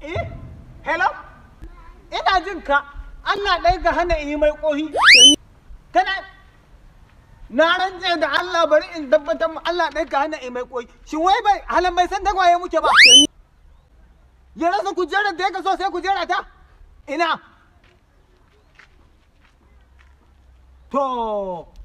Eh, hello ina jin ka Allah ɗaya ga hana yi mai ƙohi kana na rantse da Allah bari in tabbatar mu Allah ɗaya ga hana yi mai ƙohi shi wai bai halan bai san tagwaye muke ba ya rasa kujerar da ya ka so sai kujera ta ina to